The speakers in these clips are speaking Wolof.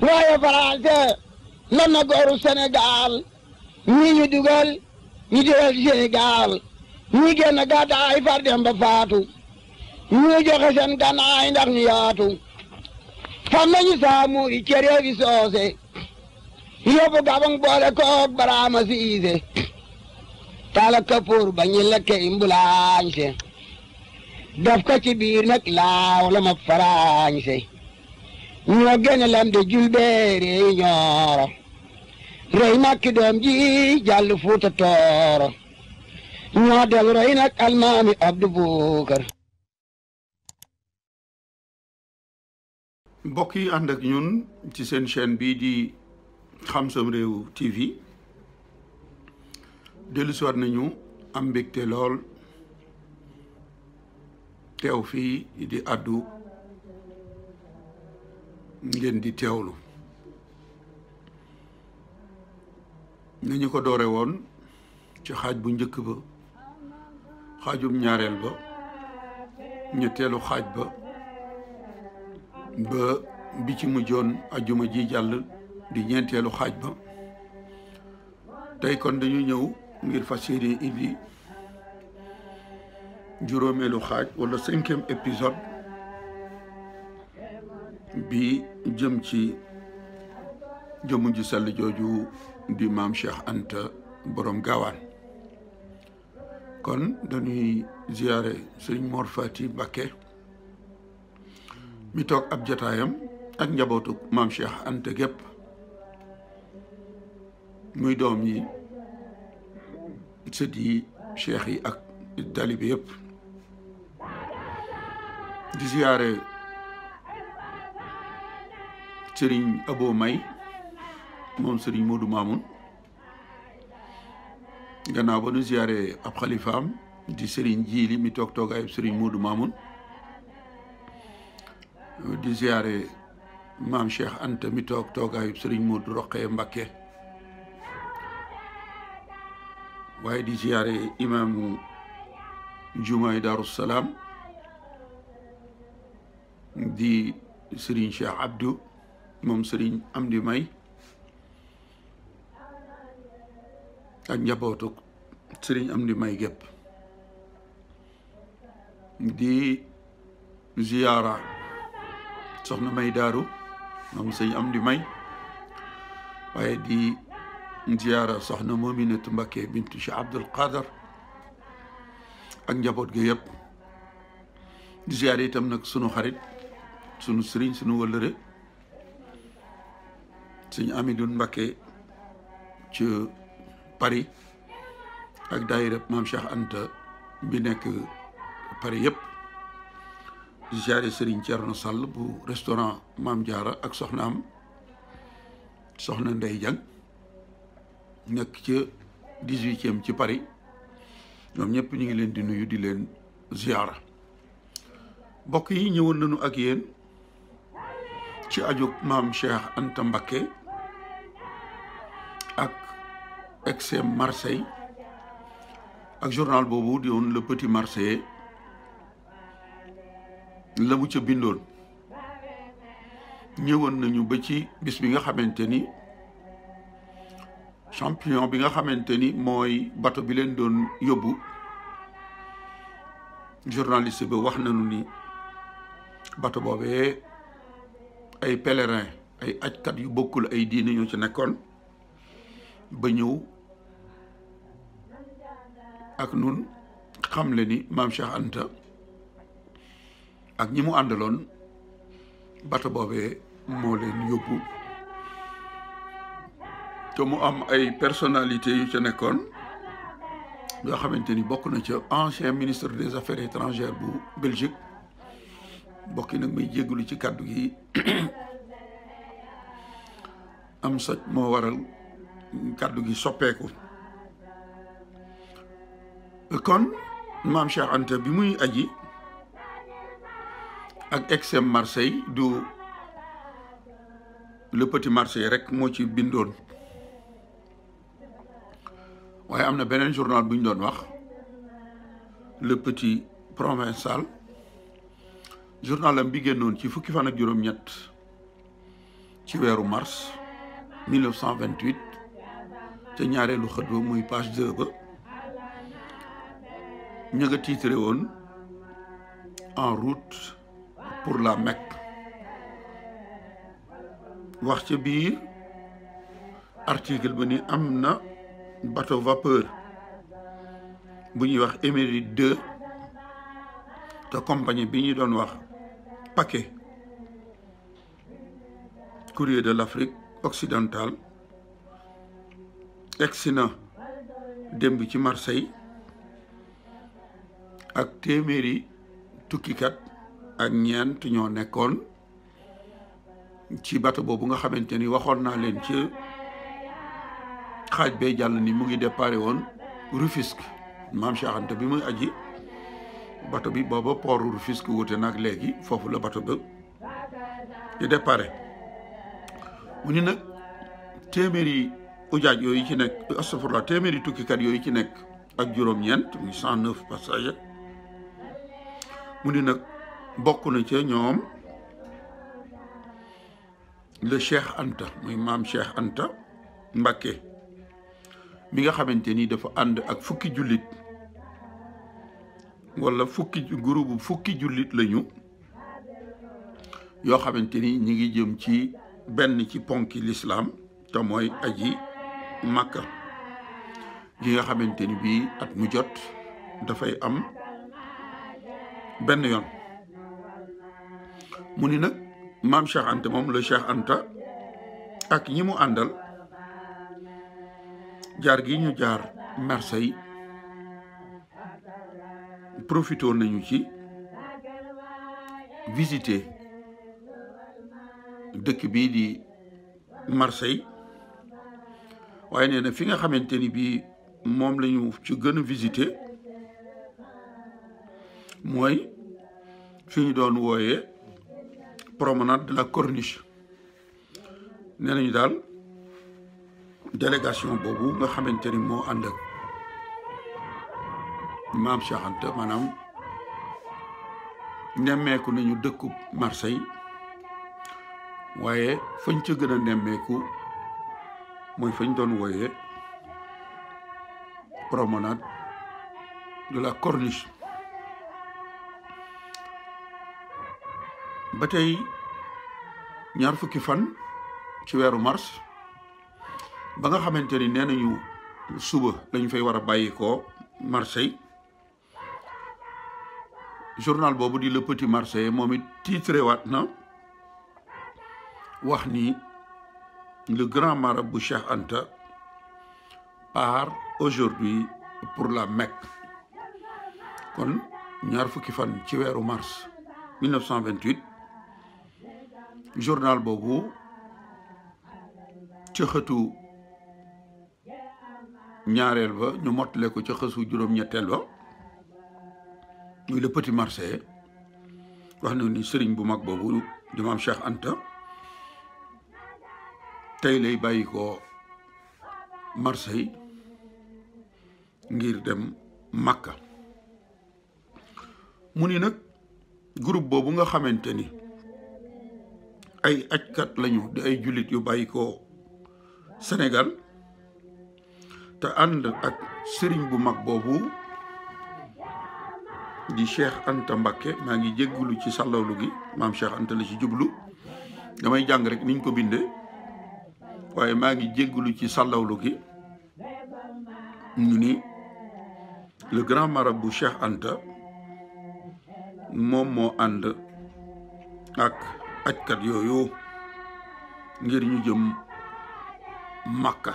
waaye Faranse lan na gooru Sénégal ñi ñu dugal ñu dugal ci Sénégal ñi génn gàddaay far dem faatu ñu joxe seen gànnaay ndax ñu yaatu fan nañu saamu i cere bi soose yóbbu gabang boole koog baraama siise tala kapoor ba ñi lekke imbulaañse daf ko ci biir laaw la ma faraañse ñoo gën a lam jul beere ñooro rey makki doom ji jàll fuuta ñoo del roy nag almaami Abdu Buukar mbokk yi ànd ak ñun ci seen chaîne bii di Xam Sam Réew TV dellusiwaat nañu am mbégte lool teew fii di addu ngeen di teewlu ni ñu ko doore woon ci xaaj bu njëkk ba xaajum ñaareel ba ñetteelu xaaj ba ba bi ci mujjoon ajuma ji jàll di ñeenteelu xaaj ba tey kon dañu ñëw ngir fas yéene indi juróomeelu xaaj wala cinquième épisode bi jëm ci jëmu ji sell jooju di maam Cheikh Anta borom gaawaan kon dañuy ziyaare sëriñ Mor Mbakke mi toog ab jataayam ak njabootu maam Cheikh Anta gépp muy doom yi sët yi cheikh yi ak talibe yëpp di ziyaare sëriñ Abo May moom sëriñ Modou Mamoun gannaaw ba nu ziyaare ab xalifaam di sëriñ Jiili mi toog toogaayu sëriñ Modou Mamoun di ziyaare maam Cheikh Anta mi toog toogaayu sëriñ Modou Roqee Mbakke waaye di ziyaare imaamu jumaay Daaru Salaam di sëriñ Cheikh Abdou mom Serigne Amdi May ak njabotu Serigne Amdi May gep di ziyara soxna May daru mom Serigne Amdi May waye di ziyara soxna Mominatu Mbakke bintu Cheikh Abdul Qadir ak njabot ge yëpp di ziyaara itam nak sunu xarit sunu Serigne sunu wëllëre suñu Amidou Mbacké ci Paris ak daayira maam Cheikh Anta bi nekk Paris yëpp di jaare Serigne Thierno Sall bu restaurant Maam Jaara ak soxna am soxna Ndey Jang nekk ca dix-huitième ci Paris ñoom ñëpp ñu ngi leen di nuyu di leen ziyaara mbokk yi ñëwoon nañu ak yéen ci aju maam Cheikh Anta Mbacké XM Marseille ak journal bobu di won le petit Marseille, la mu ci bindol ñewon nañu ba ci bis bi nga xamanteni champion bi nga xamanteni moy bato bi len doon yobbu journaliste bi wax nañu ni bato bobé ay pèlerin ay ajkat yu bokul ay diiné ñu ci nekkon ba ñew ak nun xam le ni mam Cheikh Anta ak ñi mu àndaloon bato boobee moo leen yóbbu te mu am ay personnalités yu ca nekkoon yoo xamante ni bokk na ca ancien ministre des affaires étrangères bu Belgique bokki nag may jégalu ci kàddu gi am soj moo waral kàddu gi soppeeku kon mam Cheikh Anta bi muy aji ak exem Marseille du le petit Marseille rek mo ci bindone waye amna na journal buñ doon wax le petit provincial journal am bi gennon ci fukki fan ak juroom ñet ci wéru mars 1928 te ñaareelu xëdd bo muy page 2 ba. nous nga en route pour la Mecque wax avons article buni, Amna, bateau vapeur bu ñuy wax émérite 2 te compagnie Noir, paquet courrier de l'Afrique occidentale Excellent. Dembiti Marseille ak téeméeri tukkikat ak ñeent ñoo nekkoon ci bato boobu nga xamante ni waxoon naa leen ci xaaj be jàll ni mu ngi déparé woon Rufisque maam Cheikh bi muy aji bato bi booba port Rufisque wute nag léegi foofu la bato ba di déparé mu ni nag téeméeri ujaaj yooyu ci nekk astafurlah téeméeri tukkikat yooyu ci nekk ak juróom-ñeent muy cent neuf passagers mu ni nag bokk na ca ñoom le Cheikh Anta muy maam Cheikh Anta mbakke mi nga xamante ni dafa ànd ak fukki jullit wala fukki groupe fukki jullit lañu yoo xamante ni ñi ngi jëm ci benn ci ponki lislaam te mooy aji Makka gi nga xamante ni bii at mu jot dafay am benn yoon mu ni nag maam Cheikh Anta moom la Cheikh Anta ak ñi mu àndal jaar gi ñu jaar Marseille profité nañu ci visiter dëkk bii di Marseille waaye nee na fi nga xamante ni bii moom la ci gën a visiter mooy fi ñu doon wooyee promenade de la corniche nee nañu daal délégation boobu nga xamante ni moo ànd ak maam Cheikh Anta maanaam nemmeeku nañu dëkku Marseille waaye fañ ca gën a nemmeeku mooy fañ doon wooyee promenade de la corniche ba tey ñaar fukki fan ci wéru mars ba nga xamanteni ni suba lañ fay wara bayiko Marseille journal bobu di Le Petit Marseille, momit titré wat na wax ni le grand marabout Cheikh Anta part aujourd'hui pour la Mecque kon ñaar fukki fan ci wéru mars 1928 journal boobu ci xëtu ñaareel ba ñu mottale ko ci xësu juróom-ñetteel ba muy le petit wax na ni sëriñ bu mag boobu dimam maam Cheikh Anta tey lay bàyyi ko Marseille ngir dem Makka mu ni nag group boobu nga xamante ni ay ajkat lañu di ay julit yu bayiko senegal te and ak serigne bu mag bobu di cheikh anta mbacke ma ngi jéggulu ci sallawlu gi mam cheikh anta la ci jublu damay jang rek niñ ko bindé waye ma ngi jéggulu ci sallawlu gi ñu ni le grand marabout cheikh anta mom mo and ak ajkat yoyu ngir ñu jëm makka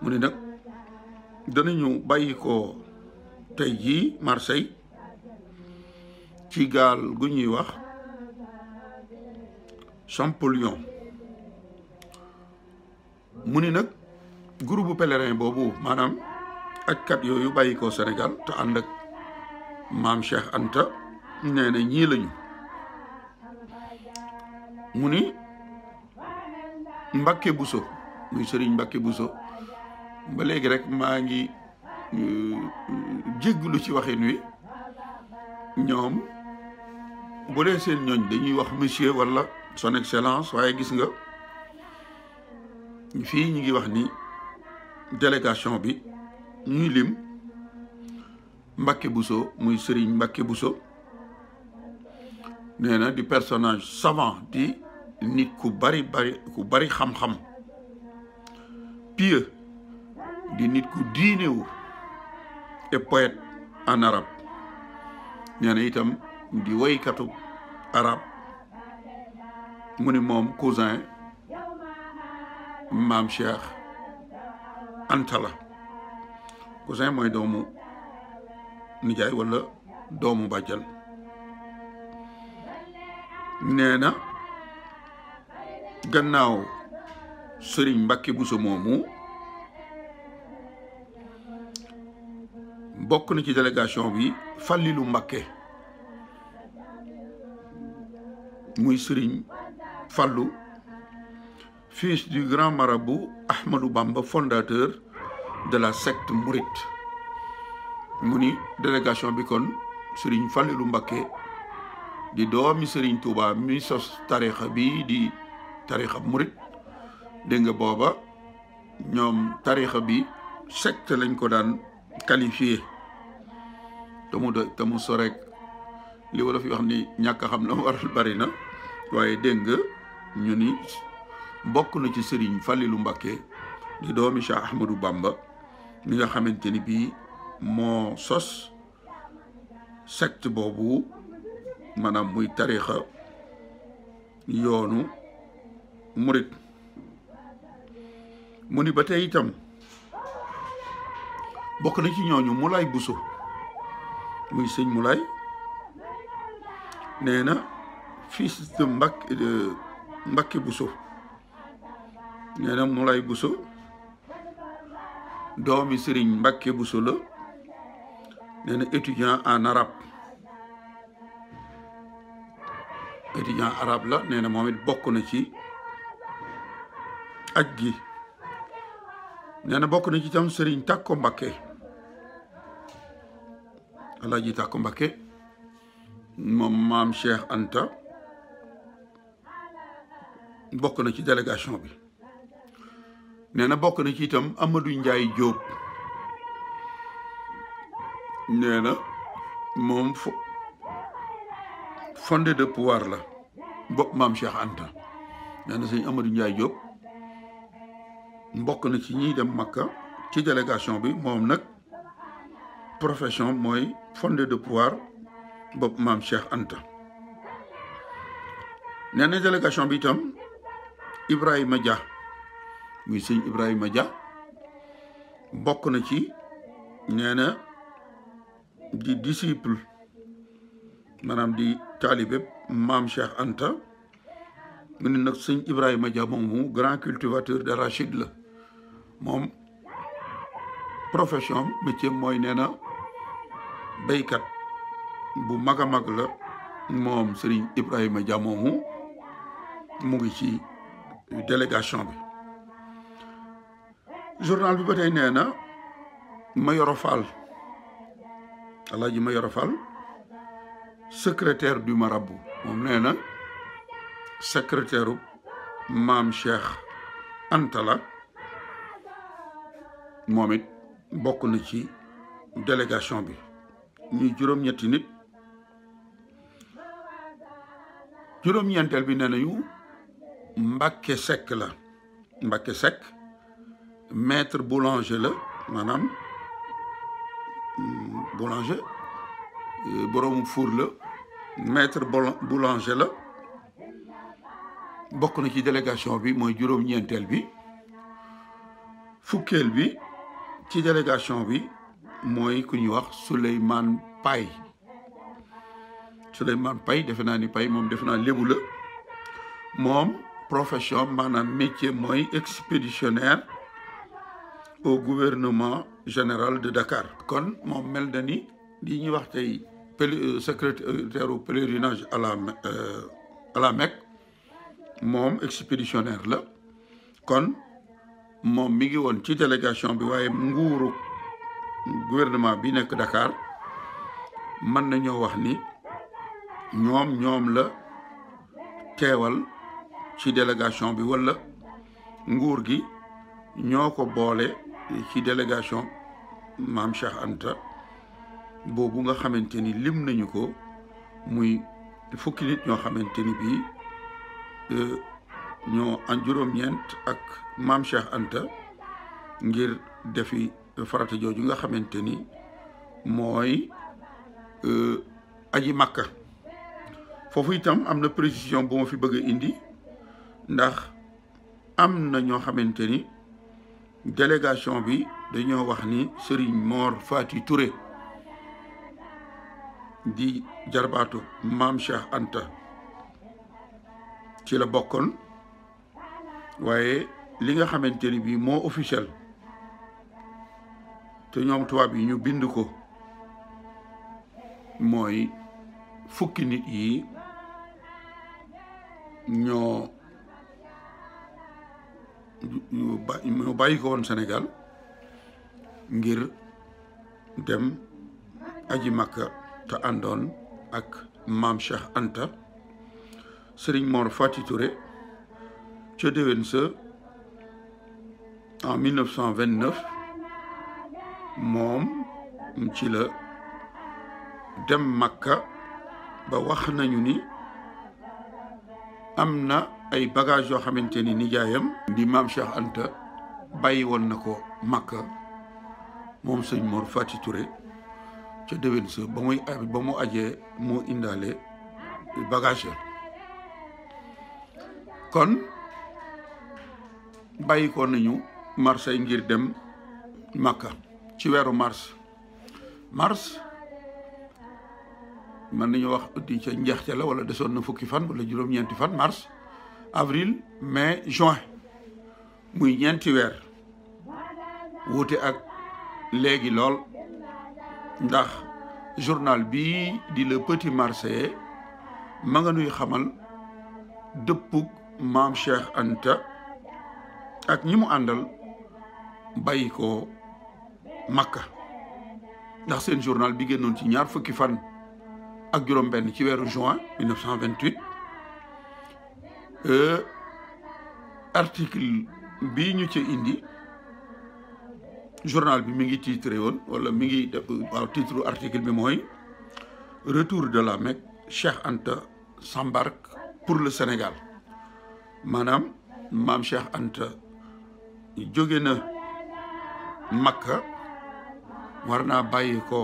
mu ne nag danañu bàyyi ko tey jii marseille ci gaal gu ñuy wax champollion mu ni nag groupe pèlerin boobu maanaam ajkat yooyu bàyyi ko sénégal te ànd ak maam cheikh anta nee na ñii lañu mu Mbaké Busso, Bousso muy Serigne Mbakke Bousso ba léegi rek ma ngi euh, jéggalu ci waxin wi ñom bu dee seen ñooñ dañuy wax monsieur wala son excellence waye gis nga fi ñi ngi wax ni délégation bi ñuy lim Mbakke Bousso muy Serigne Mbakke Bousso néna du personnage savant di nit ku bari bari ku bari xam-xam pieux di nit ku diinewu et poète en arabe itam di woykatu arabe mu ni moom cousin maam Cheikh Anta la cousin mooy doomu nijaay wala doomu bàjjan nee gannaaw serigne Mbacke Bousso moomu bokk na ci délégation bi fallilu Mbacke muy serigne Fallou fils du grand marabout Ahmadou Bamba fondateur de la secte mouride Muni délégation bi kon serigne fallilu Mbacke di doomi serigne Touba mi sos tarikha bi di tarixa murid dégg nga booba ñoom bi secte lañ ko daan qualifier temu mu sorek li wala fi wax ni ñak xam la waral bari na waaye dégg nga ñu ni bokku na ci serigne fallilu mbàkke di doomi cheikh ahmadou bamba mi nga xamanteni bi mo sos secte bobu manam muy tarixa yoonu murit mu ni ba te itam bokk na ci ñooñu Moulay Bousso muy sëñ Moulay nee na fils de Mbacke Mbacke Bousso nee na Moulay Bousso doomi Serigne Mbacke Bousso la nee na étudiant en arabe étudiant arab la nee na moom bokk na ci Aji, gi nee na bokk na ci tam serigne Takko Mbakke Alaaji Takko mbake mom mam Cheikh Anta bokku na ci delegation bi nee na bokk na ci tam Amadou Ndiaye Diop nee na fondé de pouvoir la bok mam Cheikh Anta nee na sëñ Amadou Ndiaye Diop mbokk na ci ñi dem Makka ci délégation bi mom nak profession moy fondé de pouvoir bob mam Cheikh Anta nee na délégation bi itam Ibrahima Dia muy sëñ Ibrahima Dia bokk na ci nee di disciple manam di talibé mam Cheikh Anta mu nak nag Ibrahima Dia moom grand cultivateur d'arachide la moom profession métier mooy nee na béykat bu mag a mag la moom Serigne Ibrahima Dia mu ngi ci délégation bi journal bi ba tey nee na Mayoro Fall Alaaji Mayoro Fall secrétaire du marabout moom nee na secrétaire u maam Cheikh Anta la Mohamed beaucoup délégation bi ñuy Je nit maître boulanger la madame mm, boulanger euh, borom four la maître boulanger la beaucoup na ci délégation bi je qui bi bi ci délégation bi moy ku wax Souleymane Paye Souleymane Paye defena ni Pay mom defe mom profession manam métier moy expéditionnaire au gouvernement général de Dakar kon mom mel na li wax tay euh, secrétaire au pèlerinage à la euh, à la Mecque mom expéditionnaire la kon moom mi ngi woon ci délégation bi waaye nguuru gouvernement bi nekk Dakar mën nañoo wax ni ñoom ñoom la teewal ci délégation bi walla nguur gi ñoo ko boole ci délégation maam Cheikh Anta boobu nga xamante ni lim nañu ko muy fukki nit ñoo xamante ni bii euh, ñoo an juróom-ñeent ak maam Cheikh Anta ngir defi farata jooju nga xamante ni mooy euh, aji màkka foofu itam am na précision bu fi bëgg indi ndax am na ñoo xamante ni délégation bi dañoo wax ni sëriñ Mor Fati Touré di jarbaatu maam Cheikh Anta ci la bokkoon waaye li nga xamante ni bii moo officiel te ñoom tubaab yi ñu bind ko mooy fukki nit yi ñoo ñoo bàyyi ko Sénégal ngir dem aji Makka te àndoon ak mam Cheikh Anta Serigne Mor Fati Touré ca déwén sa vingt 1929 moom ci la dem Makka ba wax nañu ni am na ay bagage yoo xamante ni nijaayam di maam Cheikh Anta bàyyi woon na ko Makka moom sëñ Mor Fati Touré ca ba muy ba mu ajee moo indaale bagage kon bàyyi nañu Marseille ngir dem Makka ci weeru mars mars mën nañu wax di ca njeexte la wala desoon na fukki fan wala juróom-ñeenti fan mars avril mais juin muy ñeenti weer wuute ak léegi lool ndax journal bi di la Petit Marseillais ma nga nuy xamal dëppug maam Cheikh Anta ak ñi mu andal bayiko ko makka ndax seen journal bi génnoon ci ñaar fukki fan ak juróom benn ci weeru juin 1928 euh, article bi ñu ci indi journal bi mi ngi titré woon wala mi ngi waaw titre article bi mooy retour de la Mecque Cheikh Anta sambark pour le Sénégal maanaam maam Cheikh Anta jóge na Makka war naa bàyyi ko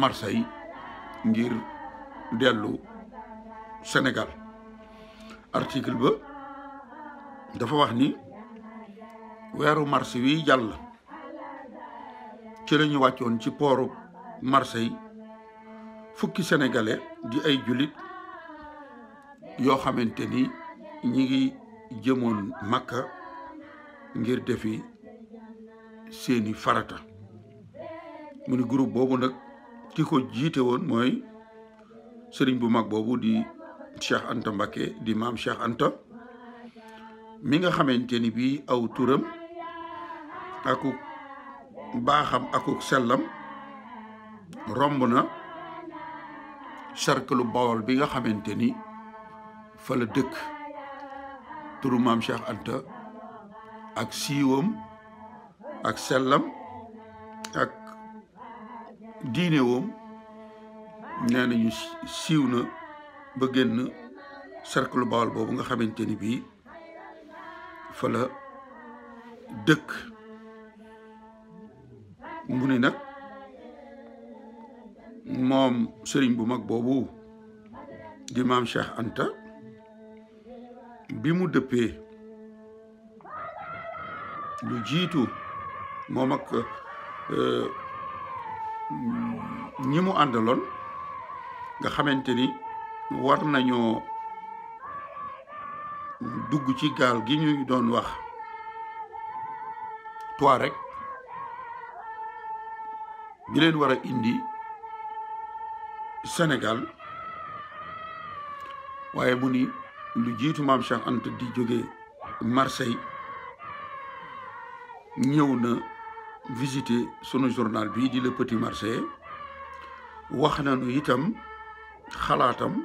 Marseille ngir dellu senegal article ba dafa wax ni weeru mars wi jàll ci lañu wàccoon ci pooru Marseille fukki senegale di ay jullit yoo xamante ni ñi ngi jëmoon Makka ngir defi seni farata muni guru groupe nak nag jite won moy sering buma bu mag bobu di Cheikh Anta mbake di mam Cheikh Anta mi nga xamanteni bi aw turam aku selam aku selam romb na cercle Bawol bi nga xamanteni fa la deuk turu maam Cheikh Anta ak siiwoom ak sellam ak diinewoom nee nañu siiw na ba génn cercle Bawol boobu nga xamante ni bii fala dëkk mu ni nag moom sëriñ bu mag boobu di maam Cheikh Anta bi mu dëppee lu jiitu moom ak euh, ñi mu àndaloon nga xamante ni war nañoo dugg ci gaal gi ñu doon wax toi rek bi war a indi Sénégal waaye mu lu jiitu maam Cheikh Anta di jóge Marseille ñëw na visiter sunu journal bii di le petit wax wax nu itam xalaatam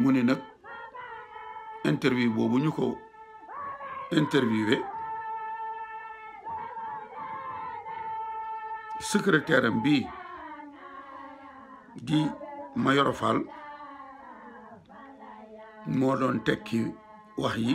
mu ni nag interview boobu ñu ko interviewé secrétaire am bii di Mayoro Fall moo doon tekki wax yi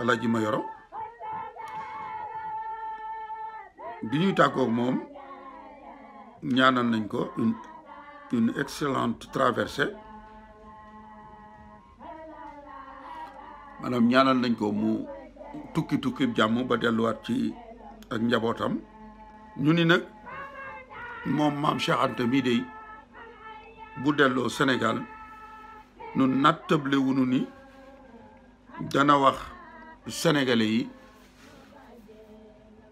Alaaji Mayoro bi ñuy tàggoog moom ñaanal nañ ko une une excellente traversée ñaanal nañ ko mu tukki tukki jàmm ba delluwaat ci ak njabootam ñu ni nag moom maam Cheikh mii dey bu delloo Sénégal nu nattable wunu ni dana wax sénégalais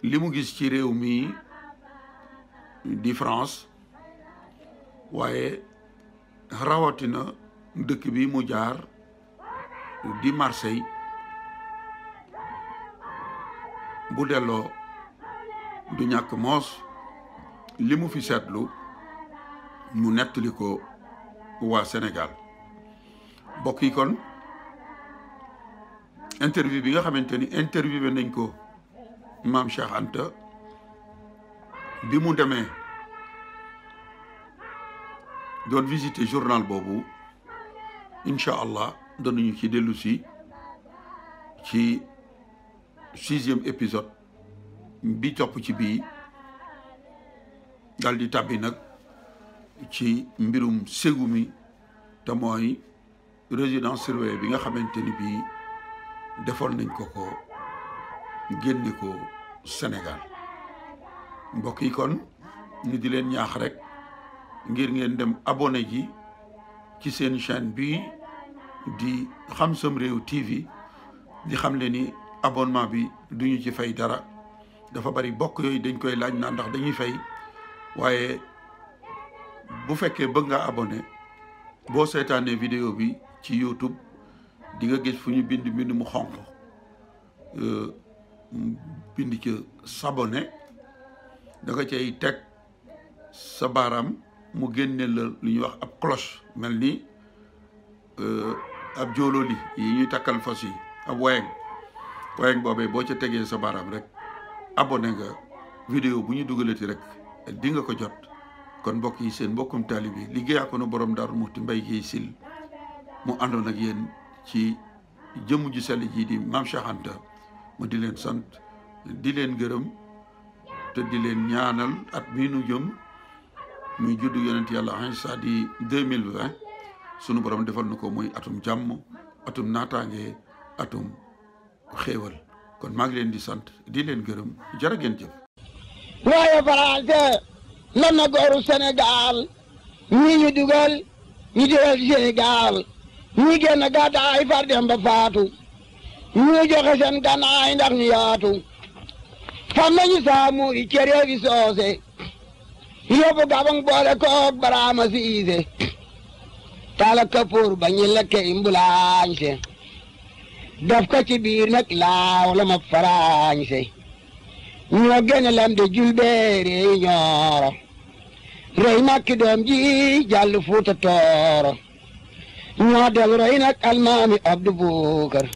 yi li mu gis ci réew mi di France waaye rawatina dëkk bi mu jaar di Marseille bu delloo du ñàkk moos li mu fi seetlu mu nettali waa senegal bokk yi interview bi nga xamanteni interview interviewé nañ ko Cheikh bi visiter journal bobu inshallah allah ñu ci ci ci sixième épisode bi top ci bi dal di ci mbirum résidence bi nga defoon nañ ko ko génne ko Sénégal mbokk yi kon ñu di leen ñaax rek ngir ngeen dem abonné ji ci seen chaîne bi di Xam Sam Réew TV di xam le ni abonnement bi duñu ci fay dara dafa bari bokk yooyu dañ koy laaj naa ndax dañuy fay waaye bu fekkee bëgg nga abone boo seetaanee vidéo bi ci YouTube di nga gis fu ñu bind mbind mu xonq euh, bind ca sabone danga nga cay teg sa baaraam mu génne la lu ñuy wax ab cloche mel ni euh, ab jóolóoli yi ñuy takkal fas yi ab wayeng wayeng boobee boo ca tegee sa baaraam rek abone nga video bu ñu dugalati rek di nga ko jot kon mbokk yi seen mbokkum taalibe liggéeyaa ko nu borom daar Muxti Mbay Géey Sil mu àndoon ak yéen ci jëm ju sel ji di mam shahanta anta di len sante di len gërëm te di len ñaanal at bi nu jëm muy juddu yonent yalla yàlla sa di 2020 sunu borom defal nako ko muy atum jàmm atum natange atum xewal kon mag len di sante di leen gërëm jërë ngeen jëf waaye français lan na goru senegal ni ñu dugal ñu dugal senegal ñi génn gàddaay far dem ba faatu ñi joxe seen gànnaay ndax ñu yaatu fam nañu saamu i cere fi soose gabang boole koog baraama siise tala kapoor ba ñi lekke imbulaañse def ko biir nag laaw la ma faraañse ñoo génne lam de julbeere yi ñooro rey makki doom ji jàll fuuta ñoo del roy nag almaami Abdu Bukar